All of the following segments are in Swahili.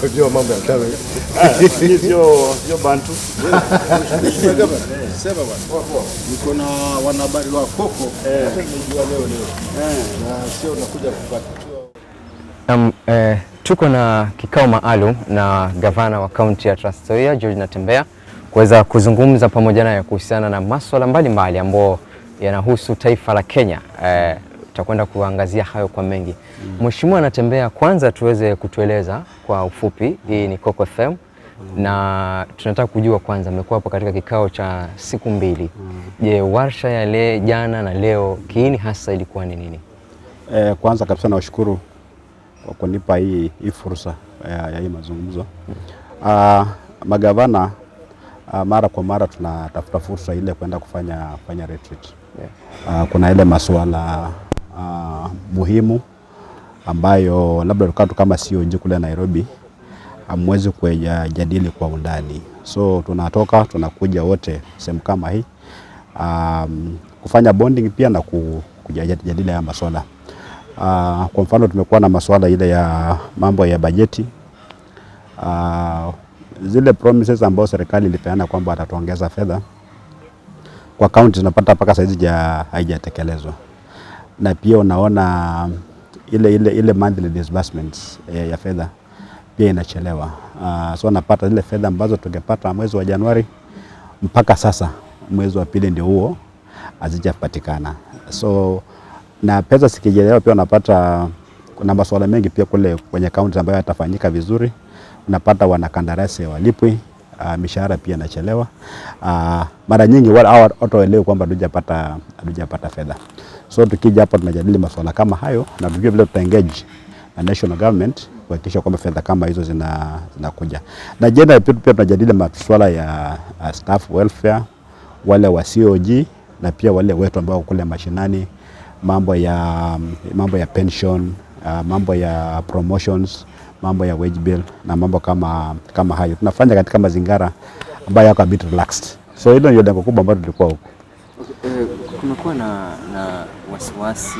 kujua mambo ya sio bantu. Sema bwana, niko na wanahabari wa eh. leo leo, eh. na sio kupata. Eh, tuko na kikao maalum na gavana wa kaunti ya Trans Nzoia George Natembeya kuweza kuzungumza pamoja naye kuhusiana na maswala mbalimbali ambayo yanahusu taifa la Kenya eh, tutakwenda kuangazia hayo kwa mengi. Mheshimiwa mm. anatembea, kwanza tuweze kutueleza kwa ufupi, hii ni Coco FM mm. na tunataka kujua kwanza, amekuwa hapo katika kikao cha siku mbili mm. Je, warsha ya le, jana na leo kiini hasa ilikuwa ni nini? Eh, kwanza kabisa nawashukuru kwa kunipa hii, hii fursa ya, eh, ya hii mazungumzo mm. ah, magavana uh, mara kwa mara tunatafuta fursa ile kwenda kufanya, kufanya retreat yeah. Uh, kuna ile masuala uh, muhimu ambayo labda tukatu kama sio nje kule Nairobi hamwezi kujadili kwa undani. So tunatoka tunakuja wote sehemu kama hii um, kufanya bonding pia na kujadili haya masuala uh, ah, kwa mfano tumekuwa na masuala ile ya mambo ya bajeti uh, zile promises ambazo serikali ilipeana kwamba atatuongeza fedha kwa kaunti, tunapata mpaka saizi haijatekelezwa na pia unaona ile, ile, ile monthly disbursements ya, eh, ya fedha pia inachelewa. Uh, so napata zile fedha ambazo tungepata mwezi wa Januari mpaka sasa mwezi wa pili ndio huo hazijapatikana. So na pesa sikijelewa, pia unapata kuna masuala mengi pia kule kwenye kaunti ambayo yatafanyika vizuri, unapata wanakandarasi walipwi Uh, ah, mishahara pia inachelewa. Uh, mara nyingi wala hawatoelewi kwamba hatujapata fedha. So tukija hapa tunajadili masuala kama hayo na tujue vile tuta engage na national government kuhakikisha kwamba fedha kama hizo zinakuja. Na jenda pia tunajadili masuala ya uh, staff welfare, wale wa COG na pia wale wetu ambao kule mashinani, mambo ya, um, mambo ya pension, uh, mambo ya promotions, mambo ya wage bill na mambo kama, kama hayo tunafanya katika mazingara ambayo yako a bit relaxed. So hilo ndio lengo kubwa ambalo tulikuwa huko kumekuwa na, na wasiwasi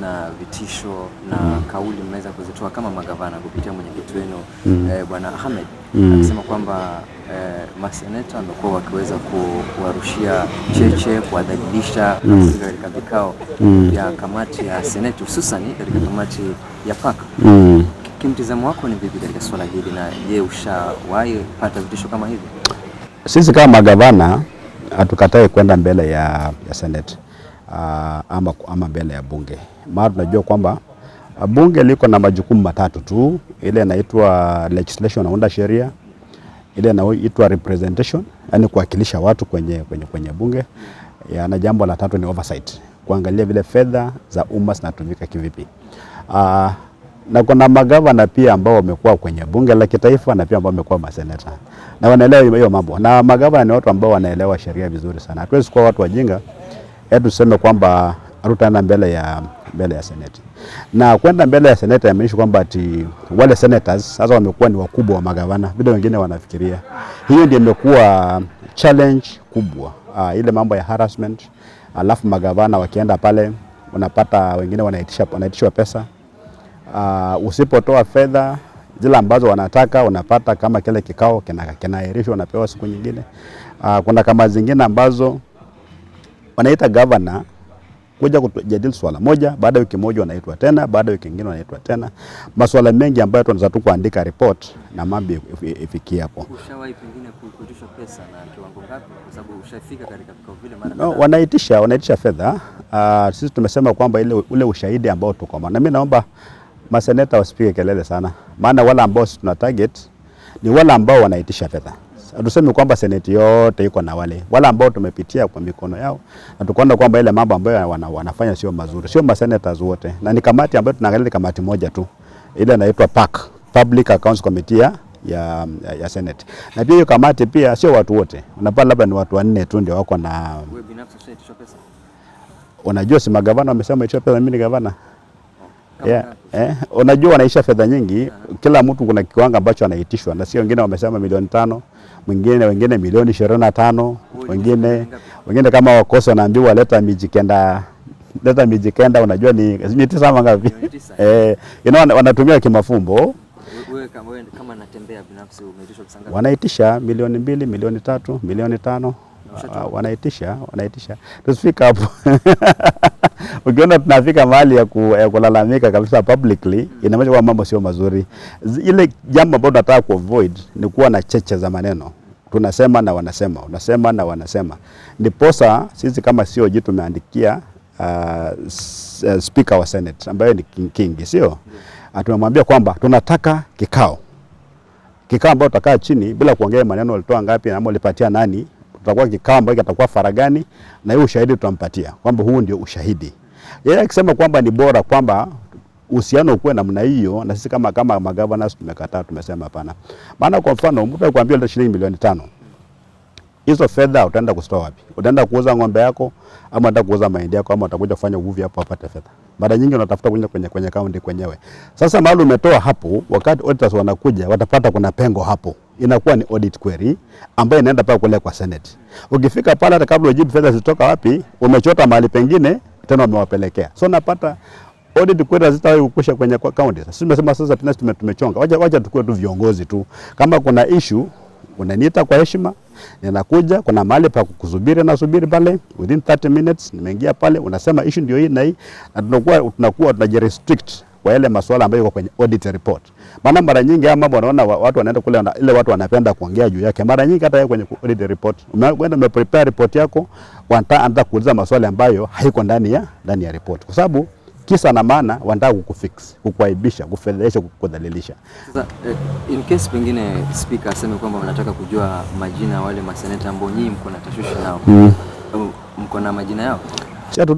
na vitisho na mm. kauli mmeweza kuzitoa kama magavana kupitia mwenyekiti wenu mm. eh, Bwana Ahmed mm. akisema kwamba eh, maseneta amekuwa wakiweza kuwarushia cheche kuwadhalilisha mm. katika vikao mm. vya kamati ya seneti hususani katika kamati ya paka mm. Kimtizamo wako ni vipi katika swala hili, na je, ushawahi pata vitisho kama hivi? Sisi kama magavana hatukatae kwenda mbele ya, ya Senate uh, ama, ama mbele ya bunge, maana tunajua kwamba ah, bunge liko na majukumu matatu tu, ile inaitwa legislation, naunda sheria ile inaitwa representation, yani kuwakilisha watu kwenye, kwenye, kwenye bunge ya, na jambo la tatu ni oversight, kuangalia vile fedha za umma zinatumika kivipi. Uh, na kuna magavana pia ambao wamekuwa kwenye bunge la kitaifa na pia ambao wamekuwa maseneta na wanaelewa hiyo mambo, na magavana ni watu ambao wanaelewa sheria vizuri sana. Hatuwezi kuwa watu wajinga eti tuseme kwamba rutana mbele ya mbele ya seneti. Na kwenda mbele ya seneti inamaanisha kwamba ati wale senators sasa wamekuwa ni wakubwa wa magavana vile wengine wanafikiria. Hiyo ndio imekuwa challenge kubwa, uh, ile mambo ya harassment, alafu magavana wakienda pale unapata wengine wanaitishwa wanaitishwa pesa uh, usipotoa fedha zile ambazo wanataka unapata kama kile kikao kinaahirishwa, unapewa siku nyingine. Uh, kuna kama zingine ambazo wanaita governor kuja kujadili swala moja, baada ya wiki moja wanaitwa tena, baada ya wiki nyingine wanaitwa tena. maswala mengi ambayo tunaweza tu kuandika report na mambo ifikie hapo. Ushawahi pengine kukutishwa pesa na kiwango ngapi? Kwa sababu ushafika katika vikao vile mara no, wanaitisha wanaitisha fedha. Uh, sisi tumesema kwamba ile ule ushahidi ambao tuko na mimi naomba maseneta wasipige kelele sana, maana wale ambao tuna target ni wale ambao wanaitisha fedha. Hatusemi kwamba seneti yote iko na wale wale ambao tumepitia kwa mikono yao na tukaona kwamba ile mambo ambayo wana, wanafanya sio mazuri, sio maseneta wote, na ni kamati ambayo tunaangalia kamati moja tu ile inaitwa PAC, Public Accounts Committee ya, ya, ya Senate. Na pia hiyo kamati pia sio watu wote, unapata labda ni watu wanne tu ndio wako na, Unajua si magavana wamesema itishwa pesa, mimi ni gavana yeah. Eh, unajua wanaisha fedha nyingi uh-huh. Kila mtu kuna kiwango ambacho anaitishwa, na sio wengine wamesema milioni tano, mwingine wengine milioni ishirini na tano, wengine wengine kama wakosa wanaambiwa leta kenda leta miji kenda unajua ni ni tisa ngapi Eh, you know wanatumia kimafumbo kama, kama wanaitisha milioni mbili, milioni tatu, milioni tano Ah, wanaitisha wanaitisha, tusifika hapo ukiona tunafika mahali ya, ku, ya kulalamika kabisa publicly, inamaanisha kwamba mambo sio mazuri. Ile jambo ambalo tunataka ku avoid ni kuwa na cheche za maneno, tunasema na wanasema, unasema na wanasema. Ndiposa sisi kama sio jitu tumeandikia uh, uh, speaker wa Senate ambaye ni King king sio ah, tumemwambia kwamba tunataka kikao kikao ambao tutakaa chini bila kuongea maneno, walitoa ngapi na ulipatia nani tutakuwa kikao ambacho kitakuwa faragani, na hiyo ushahidi tutampatia kwamba huu ndio ushahidi. Yeye akisema kwamba ni bora kwamba uhusiano ukuwe namna hiyo, na sisi kama kama magavana tumekataa, tumesema hapana. Maana kwa mfano mtu akwambia leta shilingi milioni tano, hizo fedha utaenda kustoa wapi? Utaenda kuuza ng'ombe yako ama utaenda kuuza mahindi yako ama utakuja kufanya uvuvi hapo upate fedha? Mara nyingi unatafuta kwenye kwenye kwenye kaunti kwenyewe. Sasa mahali umetoa hapo, wakati auditors wanakuja watapata kuna pengo hapo inakuwa ni audit query ambayo inaenda pale kule kwa Senate. Ukifika pale hata kabla ujibu fedha zitoka wapi, umechota mahali pengine tena umewapelekea. So napata audit query zitawahi kukusha kwenye county. Sasa tumesema sasa tena tumechonga. Wacha wacha tukue tu viongozi tu. Kama kuna issue unaniita kwa heshima, ninakuja. Kuna mahali pa kukusubiri na subiri pale, within 30 minutes nimeingia pale, unasema issue ndio hii na hii, na tunakuwa tunakuwa tunajirestrict kwa ile masuala ambayo yako kwenye audit report. Maana mara nyingi haya mambo wanaona watu wanaenda kule na ile watu wanapenda kuongea juu yake. Mara nyingi hata kwenye audit report, umekwenda ume prepare report yako, wanataka kuuliza maswali ambayo haiko ndani ya ndani ya report. Kwa sababu kisa na maana wanataka kukufix, kukuaibisha, kufedhelesha, kukudhalilisha. Sasa eh, in case pengine speaker aseme kwamba wanataka kujua majina ya wale maseneta ambao nyinyi mko na tashushi nao. Mm. Mko na majina yao?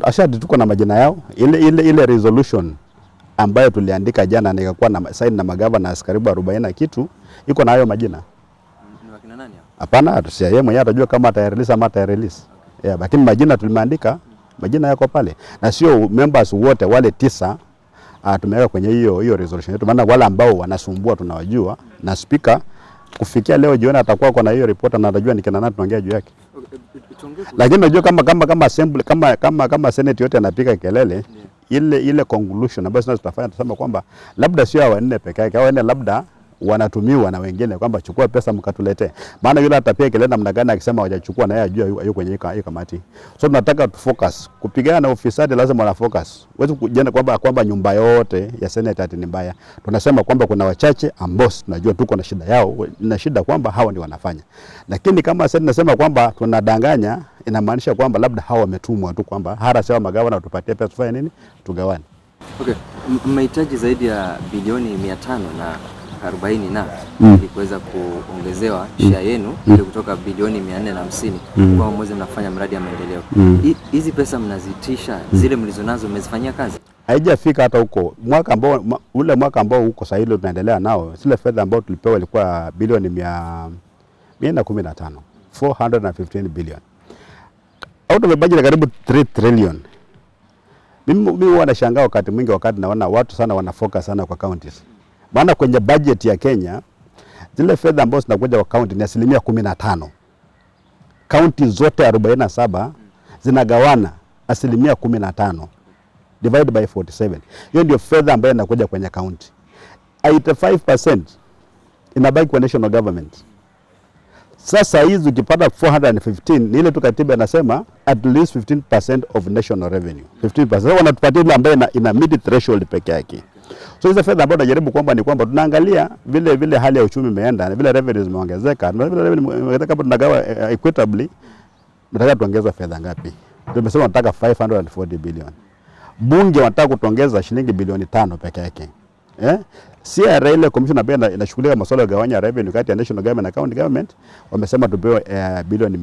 Ashadi tuko na majina yao. Ile ile ile resolution ambayo tuliandika jana nikakuwa na saini na magavana karibu 40 na kitu iko na hayo majina. Hapana, yeye mwenyewe atajua kama atayarelease ama atayarelease. Okay. Yeah, lakini majina tulimeandika, majina yako pale na sio members wote wale tisa ah, tumeweka kwenye hiyo hiyo resolution yetu, maana wale ambao wanasumbua tunawajua, na speaker kufikia leo jioni atakuwa kwa na hiyo report na atajua ni kina nani tunaongea juu yake. Okay. Lakini unajua kama kama kama assembly kama kama kama senate yote anapika kelele, yeah ile ile conclusion ambayo sasa tutafanya tusema kwamba labda sio hao nne peke yake, hao nne labda wanatumiwa na wengine kwamba chukua pesa mkatulete. Maana yule atapiga kelele namna gani akisema hajachukua na yeye ajua yuko kwenye hiyo kamati. So tunataka tu focus. Kupigana na ufisadi lazima una focus. Wewe kujiona kwamba kwamba nyumba yote ya seneta ni mbaya. Tunasema kwamba kuna wachache ambao tunajua tuko na shida yao na shida kwamba hawa ndio wanafanya. Lakini kama sasa tunasema kwamba tunadanganya inamaanisha kwamba labda hawa wametumwa tu kwamba hara sawa magavana watupatie pesa tufanye nini? Tugawane. Okay. Mmehitaji zaidi ya bilioni 500 na miaka 40 na mm. ili kuweza kuongezewa mm. share yenu mm. ili kutoka bilioni 450 nne mm. kwa mwezi mnafanya mradi ya maendeleo mm. hizi mm. pesa mnazitisha mm. zile mlizonazo mmezifanyia kazi? Haijafika hata huko mwaka ambao ule mwaka ambao huko sasa hilo tunaendelea nao, zile fedha ambayo tulipewa ilikuwa bilioni mia na kumi 415 billion out of a budget karibu 3 trillion. Mimi huwa nashangaa wakati mwingi, wakati naona watu sana wana focus sana kwa counties maana kwenye budget ya Kenya zile fedha ambazo zinakuja kwa kaunti ni asilimia kumi na tano. Kaunti zote 47 zinagawana asilimia kumi na tano divide by 47. Hiyo ndio fedha ambayo inakuja kwenye kaunti. 85% inabaki kwa national government. Sasa hizi ukipata 415 ni ile tu katiba inasema at least 15% of national revenue. 15% wanatupatia ile ambayo ina, ina mid threshold peke yake. So hizo fedha ambazo najaribu kwamba ni kwamba tunaangalia vile vile hali ya uchumi imeenda na vile revenue zimeongezeka, na vile revenue imeongezeka kama tunagawa eh, equitably, tunataka tuongeze fedha ngapi? Tumesema nataka 540 billion. Bunge wanataka kutuongeza shilingi bilioni tano peke yake. Eh? CRA ile commission ambayo inashughulika masuala ya gawanya revenue kati ya national government na county government wamesema tupewe uh, bilioni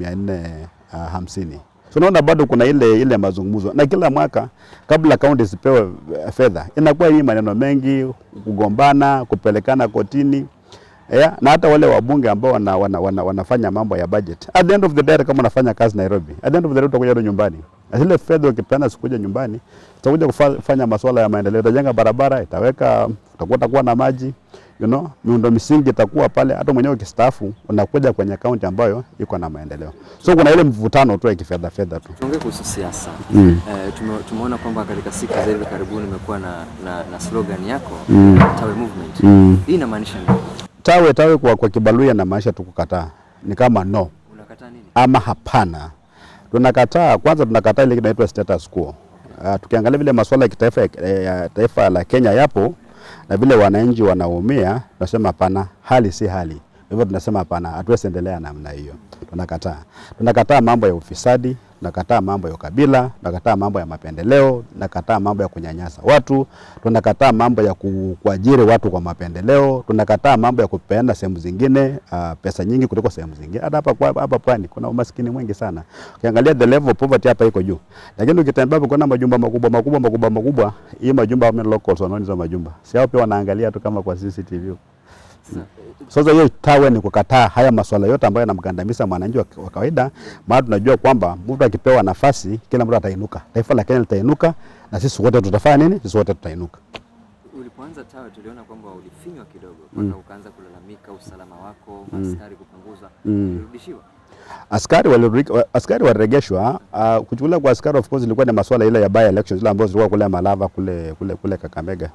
450. Tunaona bado kuna ile ile mazungumzo, na kila mwaka kabla kaunti zipewe eh, fedha inakuwa hii maneno mengi, kugombana, kupelekana kotini yeah. Na hata wale wabunge ambao wana, wana, wana, wanafanya mambo ya budget, at the end of the day, kama unafanya kazi Nairobi, at the end of the day utakuja nyumbani. Zile fedha ukipeana sikuja nyumbani, utakuja kufanya masuala ya maendeleo, utajenga barabara, itaweka utakuwa na maji you know, miundo misingi itakuwa pale, hata mwenyewe ukistaafu unakuja kwenye kaunti ambayo iko na maendeleo. So kuna ile mvutano tu ya kifedha fedha tu. Tuongee kuhusu siasa mm. Eh, tume, tumeona kwamba katika siku za hivi karibuni imekuwa na, na, na slogan yako mm. Tawe movement mm. Hii inamaanisha nini? Tawe tawe kwa, kwa Kibaluya na maisha tukukataa ni kama no. Unakataa nini? Ama hapana, tunakataa kwanza, tunakataa ile inaitwa status quo. Uh, tukiangalia vile masuala ya kitaifa ya taifa la Kenya yapo na vile wananchi wanaumia, tunasema hapana, hali si hali. Hivyo tunasema hapana, hatuwezi endelea namna hiyo, tunakataa, tunakataa mambo ya ufisadi Tunakataa mambo ya ukabila, tunakataa mambo ya mapendeleo, tunakataa mambo ya kunyanyasa watu, tunakataa mambo ya kuajiri watu kwa mapendeleo, tunakataa mambo ya kupenda sehemu zingine uh, pesa nyingi kuliko sehemu zingine. Hata hapa hapa pwani kuna umaskini mwingi sana, ukiangalia the level of poverty hapa iko juu, lakini ukitembea kuna majumba makubwa makubwa makubwa makubwa, hii majumba locals wanaona hizo majumba, si hao pia wanaangalia tu kama kwa CCTV. Sasa hiyo tawe ni kukataa haya masuala yote ambayo yanamkandamiza mwananchi wa kawaida, maana tunajua kwamba mtu akipewa nafasi, kila mtu atainuka, taifa la Kenya litainuka, na sisi wote tutafanya nini? Sisi wote tutainuka. Ulipoanza tawe tuliona kwamba ulifinywa kidogo, mm. ukaanza kulalamika usalama wako, mm. askari kupunguza, mm. ulirudishiwa askari walirudishwa, askari walirejeshwa. Uh, ah, kuchukuliwa kwa askari of course ilikuwa ni masuala ile ya by elections ile ambayo zilikuwa kule Malava kule kule kule Kakamega, yeah.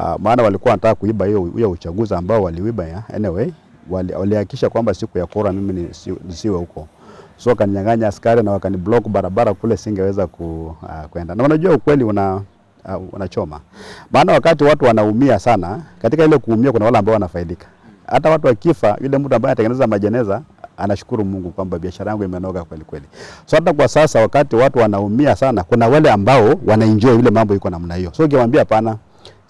Ah, maana walikuwa wanataka kuiba hiyo hiyo uchaguzi ambao waliiba ya anyway, walihakikisha walihakisha kwamba siku ya kura mimi nisiwe huko, so wakaninyang'anya askari na wakani block barabara kule, singeweza ku, uh, kwenda. Na unajua ukweli una uh, unachoma, maana wakati watu wanaumia sana, katika ile kuumia kuna wale ambao wanafaidika. Hata watu wakifa, yule mtu ambaye anatengeneza majeneza anashukuru Mungu kwamba biashara yangu imenoga kweli kweli. So hata kwa sasa wakati watu wanaumia sana, kuna wale ambao wanaenjoy ile mambo iko namna hiyo, so ukiwaambia hapana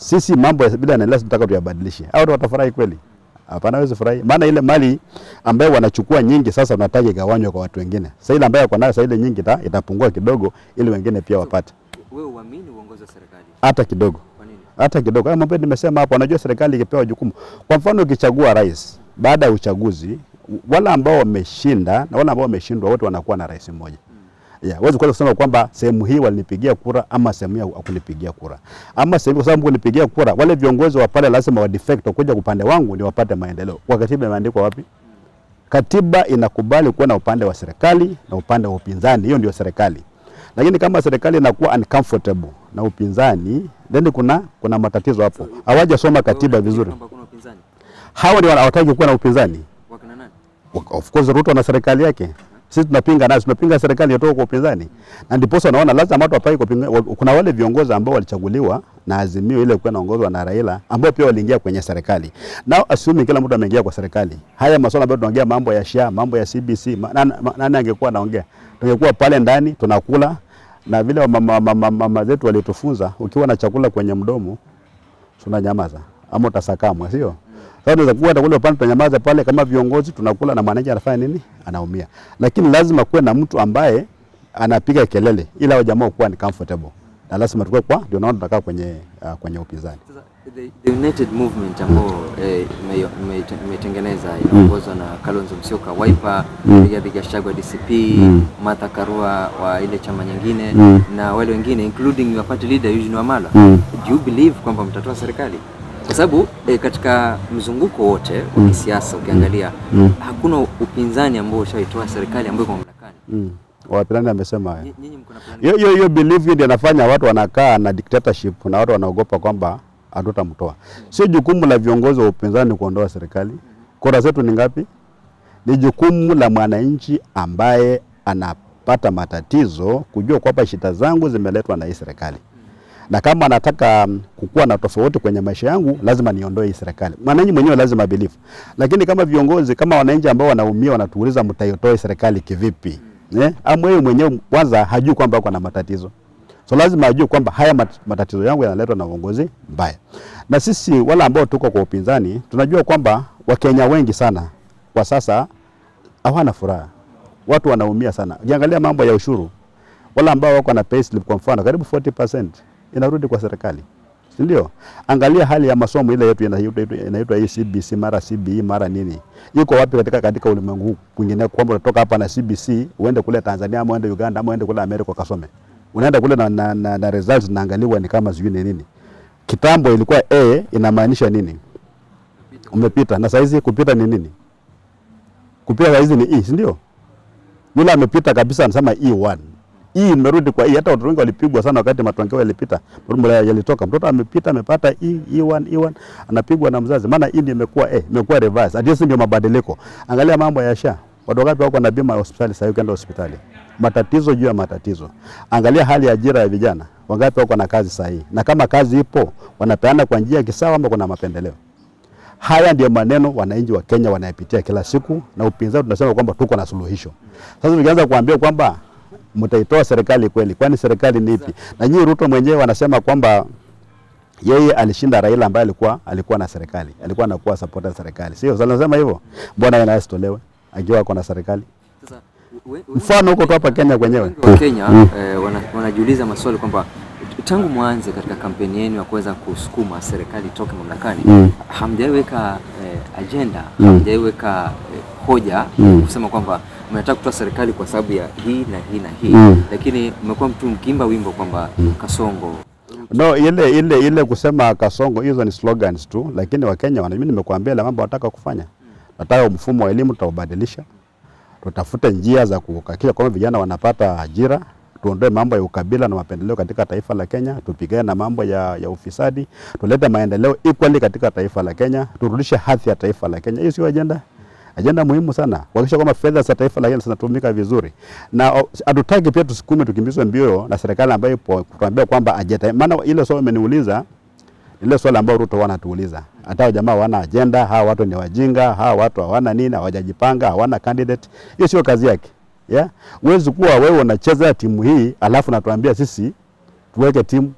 sisi mambo ya bila naelewa, tunataka tuyabadilishe. Hao watafurahi kweli? Hapana, hawezi furahi. Maana ile mali ambayo wanachukua nyingi sasa unataka igawanywe kwa watu wengine. Sasa ile ambayo kuna sasa ile nyingi ta, itapungua kidogo ili wengine pia wapate. Wewe uamini uongozi wa serikali? Hata kidogo. Kwa nini? Hata kidogo. Kama mambo nimesema hapo, anajua serikali ikipewa jukumu. Kwa mfano ukichagua rais baada ya uchaguzi wale ambao wameshinda na wale ambao wameshindwa wote wanakuwa na rais mmoja. Huwezi kwenda kusema kwamba sehemu hii walinipigia kura ama sehemu hii hakunipigia kura. Ama sehemu kwa sababu kunipigia kura wale viongozi wa pale lazima wa defect kuja upande wangu ndio wapate maendeleo. Kwa katiba imeandikwa wapi? Katiba inakubali kuwa na upande wa serikali na upande wa upinzani, hiyo ndio serikali. Lakini kama serikali inakuwa uncomfortable na upinzani, then kuna kuna matatizo hapo. Hawajasoma katiba vizuri. Hawa ndio hawataki kuwa na upinzani. nani? Of course Ruto na serikali yake. Sisi tunapinga nasi, tunapinga serikali inatoka kwa upinzani, na ndipo sasa naona lazima watu wapai kupinga. Kuna wale viongozi ambao walichaguliwa na Azimio ile ilikuwa inaongozwa na Raila, ambao pia waliingia kwenye serikali. Nao assume kila mtu ameingia kwa serikali, haya masuala ambayo tunaongea, mambo ya SHA, mambo ya CBC, nani, angekuwa naongea? Tungekuwa pale ndani tunakula na vile mama, mama, mama zetu walitufunza, ukiwa na chakula kwenye mdomo unanyamaza ama utasakamwa, sio? Sasa unaweza kuwa atakwenda upande tunyamaza pale kama viongozi tunakula na manager anafanya nini? Anaumia. Lakini lazima kuwe na mtu ambaye anapiga kelele ila wa jamaa kuwa ni comfortable. Na lazima tukue kwa ndio naona tutakaa kwenye uh, kwenye upinzani. The, the United Movement ambao mm. Eh, imetengeneza mm. eh, inaongozwa na Kalonzo Musyoka Wiper, mm. Rigathi Gachagua DCP, mm. Martha Karua wa ile chama nyingine mm. na wale wengine including your party leader Eugene Wamalwa. Mm. Do you believe kwamba mtatoa serikali? kwa sababu e, katika mzunguko wote wa mm. kisiasa ukiangalia mm. mm. hakuna upinzani ambao ushaitoa serikali ambayo iko mamlakani mm. Wapinzani amesema hiyo hiyo hiyo belief ndio anafanya watu wanakaa na dictatorship na watu wanaogopa kwamba hatutamtoa. Mm. Sio jukumu la viongozi wa upinzani kuondoa serikali. Kura zetu ni ngapi? Ni jukumu la mwananchi ambaye anapata matatizo kujua kwamba shida zangu zimeletwa na hii serikali na kama anataka mm, kukuwa na tofauti kwenye maisha yangu lazima niondoe hii serikali. Mwananchi mwenyewe lazima believe, lakini kama viongozi, kama wananchi ambao wanaumia wanatuuliza, mtaitoa serikali kivipi? Eh, amu yeye mwenyewe kwanza hajui kwamba yuko na matatizo, so lazima ajue kwamba haya matatizo yangu yanaletwa na uongozi mbaya. Na sisi wala ambao tuko kwa upinzani tunajua kwamba Wakenya wengi sana kwa sasa hawana furaha, watu wanaumia sana. Ukiangalia mambo ya ushuru, wala ambao wako na payslip kwa mfano karibu 40% inarudi kwa serikali, si ndio? Angalia hali ya masomo ile yetu inaitwa hii CBC mara CBE mara nini, iko wapi katika katika ulimwengu huu kwingine, kwamba unatoka hapa na CBC uende kule Tanzania ama uende Uganda ama uende kule Amerika ukasome, unaenda kule na, na, na, na results naangaliwa ni kama sijui ni nini. Kitambo ilikuwa A inamaanisha nini, umepita. Na saizi kupita ni nini? Kupita saizi ni E, si ndio? Yule amepita kabisa anasema E1 hii imerudi kwa hii. Hata watu wengi walipigwa sana wakati matokeo yalipita, yalitoka, mtoto amepita amepata hii E1 E1, anapigwa na mzazi, maana hii ndio imekuwa eh, imekuwa reverse. At least ndio mabadiliko. Angalia mambo ya SHA, watu wangapi wako na bima hospitali sasa? Ukienda hospitali, matatizo juu ya matatizo. Angalia hali ya ajira ya vijana, wangapi wako na kazi sasa hii, na kama kazi ipo wanapeana kwa njia kisawa, ama kuna mapendeleo? Haya ndiyo maneno wananchi wa Kenya wanayapitia kila siku, na upinzani tunasema kwamba tuko na suluhisho. Sasa tukianza kuambia kwamba mtaitoa serikali kweli? Kwani serikali ni ipi? Na nyinyi Ruto mwenyewe anasema kwamba yeye alishinda Raila ambaye alikuwa alikuwa na serikali, alikuwa anakuwa supporter serikali, sio sasa? Nasema hivyo, mbona yeye asitolewe akiwa ako na serikali? Mfano huko tu hapa Kenya kwenyewe wa Kenya mm. eh, wana, wanajiuliza maswali kwamba tangu mwanze katika kampeni yenu ya kuweza kusukuma serikali toke mamlakani mm. hamjaiweka eh, ajenda mm. hamjaiweka eh, hoja mm. kusema kwamba umetaka kutoa serikali kwa sababu ya hii na hii na hii mm. Lakini umekuwa mtu mkimba wimbo kwamba mm. Kasongo no ile, ile, ile kusema Kasongo, hizo ni slogans tu, lakini Wakenya mimi nimekuambia ile mambo wataka kufanya Nataka mfumo wa elimu tutaubadilisha, tutafute njia za kuhakikisha kwamba vijana wanapata ajira tuondoe mambo ya ukabila na mapendeleo katika taifa la Kenya, tupigane na mambo ya, ya ufisadi, tulete maendeleo equally katika taifa la Kenya, turudishe hadhi ya taifa la Kenya. Hiyo sio ajenda ajenda muhimu sana kuhakikisha kwamba fedha za taifa la Kenya zinatumika vizuri, na oh, hatutaki pia tusukume tukimbizwe mbio na serikali ambayo ipo kutuambia kwamba ajenda. Maana ile swali umeniuliza ile swali ambayo Ruto wanatuuliza, hata jamaa wana ajenda, hawa watu ni wajinga, hawa watu hawana nini, hawajajipanga, hawana candidate. Hiyo sio kazi yake. Yeah? Huwezi kuwa wewe unacheza timu hii alafu natuambia sisi tuweke timu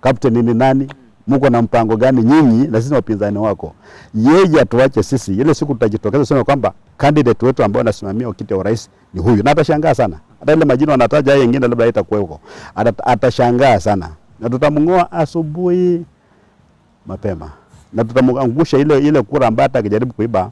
captain ni nani mko na mpango gani nyinyi na sisi wapinzani wako. Yeye atuache sisi, ile siku tutajitokeza sema kwamba candidate wetu ambaye anasimamia kiti ya rais ni huyu, na atashangaa sana. Hata ile majina wanataja yeye yengine labda huko, atashangaa sana, na tutamngoa asubuhi mapema, na tutamangusha ile ile kura ambayo atakijaribu kuiba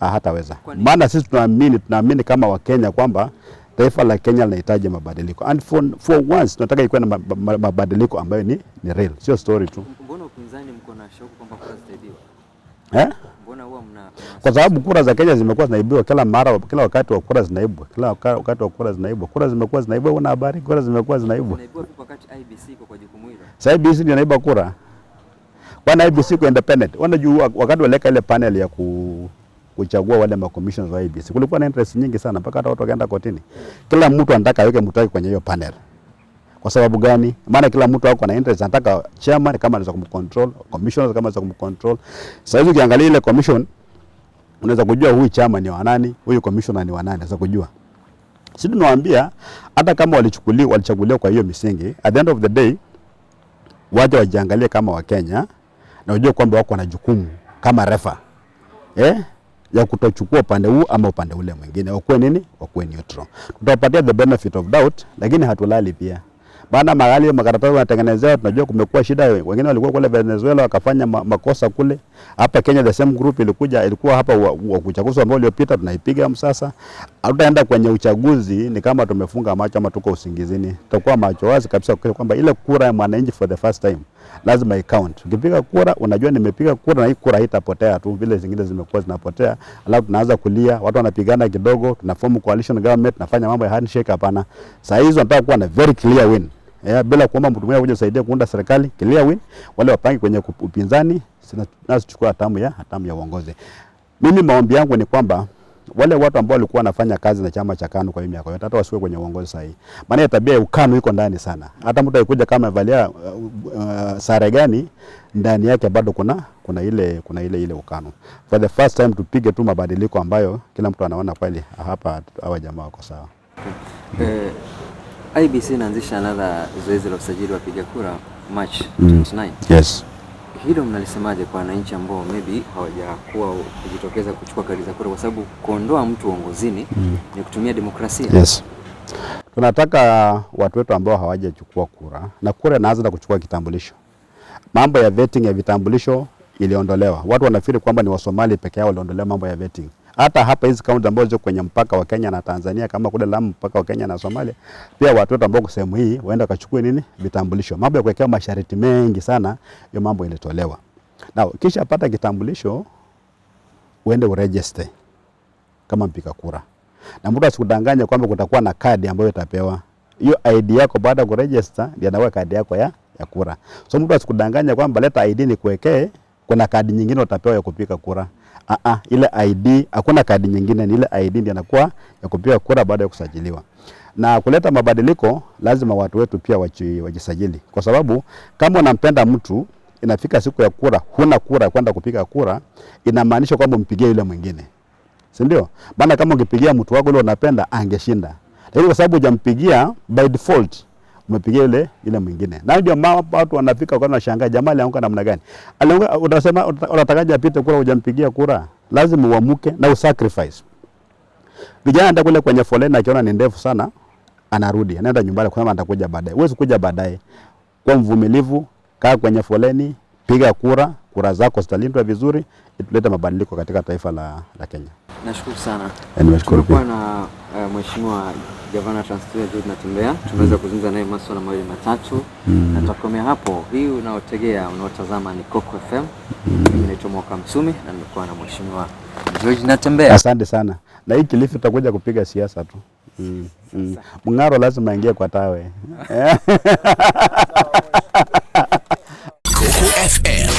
ah, hataweza, maana sisi tunaamini tunaamini kama Wakenya kwamba Taifa la Kenya linahitaji mabadiliko and for, for once tunataka ikuwe na mabadiliko ambayo ni, ni real, sio story tu. Mbona upinzani mko na shauku kwamba kura zitaibiwa? Eh? Mbona huwa mna kwa sababu kura za Kenya zimekuwa zinaibiwa kila mara, kila wakati wa kura zinaibwa, kila wakati wa kura zinaibwa, kura zimekuwa zinaibwa. Una habari? Kura zimekuwa zinaibwa. Sasa IBC ndio inaiba kura, kwani IBC kwa independent? Wanajua wakati waleka ile panel ya ku kuchagua wale ma commissioners wa IEBC. Kulikuwa na interest nyingi sana mpaka hata watu wakaenda kotini. Kila mtu anataka aweke mtu wake kwenye hiyo panel. Kwa sababu gani? Maana kila mtu ako na interest, anataka chairman kama anaweza kumcontrol, commissioners kama anaweza kumcontrol. Sasa hizo ukiangalia ile commission unaweza kujua huyu chairman ni wa nani, huyu commissioner ni wa nani, unaweza kujua. Sisi tunawaambia hata kama walichukuliwa walichaguliwa kwa hiyo misingi, at the end of the day waje wajiangalie kama Wakenya na wajue kwamba wako na jukumu kama refa. Eh? ya kutochukua upande huu ama upande ule mwingine, wakuwe nini, wakuwe neutral. Tutawapatia the benefit of doubt, lakini hatulali pia maana magali makaratasi wanatengenezewa, tunajua kumekuwa shida. Wengine walikuwa kule Venezuela wakafanya makosa kule, hapa Kenya the same group ilikuja, ilikuwa hapa wa uchaguzi ambao uliopita, tunaipiga msasa. Hatutaenda kwenye uchaguzi ni kama tumefunga macho ama tuko usingizini, tutakuwa macho wazi kabisa kwamba ile kura ya mwananchi for the first time lazima icount. Ukipiga kura unajua nimepiga kura na hii kura haitapotea tu vile zingine zimekuwa zinapotea, alafu tunaanza kulia, watu wanapigana kidogo, tuna form coalition government, nafanya mambo ya handshake. Hapana, saa hizo nataka kuwa na very clear win yeah, bila kuomba mtu mwingine kuja kusaidia kuunda serikali. Clear win, wale wapangi kwenye upinzani, sina hatamu ya hatamu ya uongozi. Mimi maombi yangu ni kwamba wale watu ambao walikuwa wanafanya kazi na chama cha KANU kwa hiyo miaka yote hata wasiwe kwenye uongozi hivi. maana ya tabia ya ukanu iko ndani sana. Hata mtu akikuja kama avalia uh, uh, sare gani, ndani yake bado kuna kuna ile kuna ile ile ukanu. For the first time tupige tu mabadiliko ambayo kila mtu anaona kweli hapa hawa jamaa wako sawa. Okay. Eh, IBC inaanzisha another zoezi la usajili wa piga kura March 29. Mm. Yes hilo mnalisemaje kwa wananchi ambao maybe hawajakuwa kujitokeza kuchukua kadi za kura, kwa sababu kuondoa mtu uongozini mm. ni kutumia demokrasia. Yes. Tunataka watu wetu ambao hawajachukua kura, na kura inaanza na kuchukua kitambulisho. Mambo ya vetting ya vitambulisho iliondolewa. Watu wanafikiri kwamba ni Wasomali peke yao waliondolewa mambo ya vetting hata hapa hizi kaunti ambazo ziko kwenye mpaka wa Kenya na Tanzania kama kule Lamu mpaka wa Kenya na Somalia, pia watu wote ambao sehemu hii waenda kachukue nini vitambulisho. Mambo ya kuwekea masharti mengi sana, hiyo mambo ilitolewa. Na kisha pata kitambulisho uende uregister kama mpiga kura, na mtu asikudanganye kwamba kutakuwa na kadi ambayo utapewa. Hiyo ID yako baada ya kuregister ndio anakuwa kadi yako ya, ya kura. So mtu asikudanganye kwamba leta ID ni kuwekee, kuna kadi nyingine utapewa ya kupiga kura aa ah, ah, ile ID hakuna kadi nyingine, ni ile ID ndio inakuwa ya kupiga kura baada ya kusajiliwa. Na kuleta mabadiliko lazima watu wetu pia wajisajili, kwa sababu kama unampenda mtu inafika siku ya kura, huna kura kwenda kupiga kura, inamaanisha kwamba umpigie yule mwingine, si ndio? Maana kama ungepigia mtu wako ule unapenda angeshinda, lakini kwa sababu hujampigia by default umepigia ile ile mwingine. Na ndio mama watu wanafika kwa nashangaa jamaa alianguka namna gani? Alianguka, utasema unatakaje apite kura hujampigia kura? Lazima uamuke na usacrifice. Vijana ndio kule kwenye foleni, akiona ni ndefu sana anarudi, anaenda nyumbani kwa sababu atakuja baadaye. Huwezi kuja baadaye. Kwa mvumilivu, kaa kwenye foleni, piga kura, kura zako zitalindwa vizuri, itulete mabadiliko katika taifa la, la Kenya. Nashukuru sana. Eh, nimeshukuru pia. Na uh, mheshimiwa gavana Tanzania George Natembeya tumeweza mm. kuzungumza naye masuala mawili matatu mm. na tutakomea hapo. Hii unaotegea unaotazama ni Coco FM. Mm. Mimi naitwa Mwaka Msumi na nimekuwa na mheshimiwa George Natembeya. Asante sana. Na hii Kilifi tutakuja kupiga siasa tu. Mm. Mm. Mng'aro lazima aingie kwa tawe. Coco FM,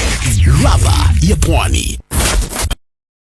ladha ya Pwani.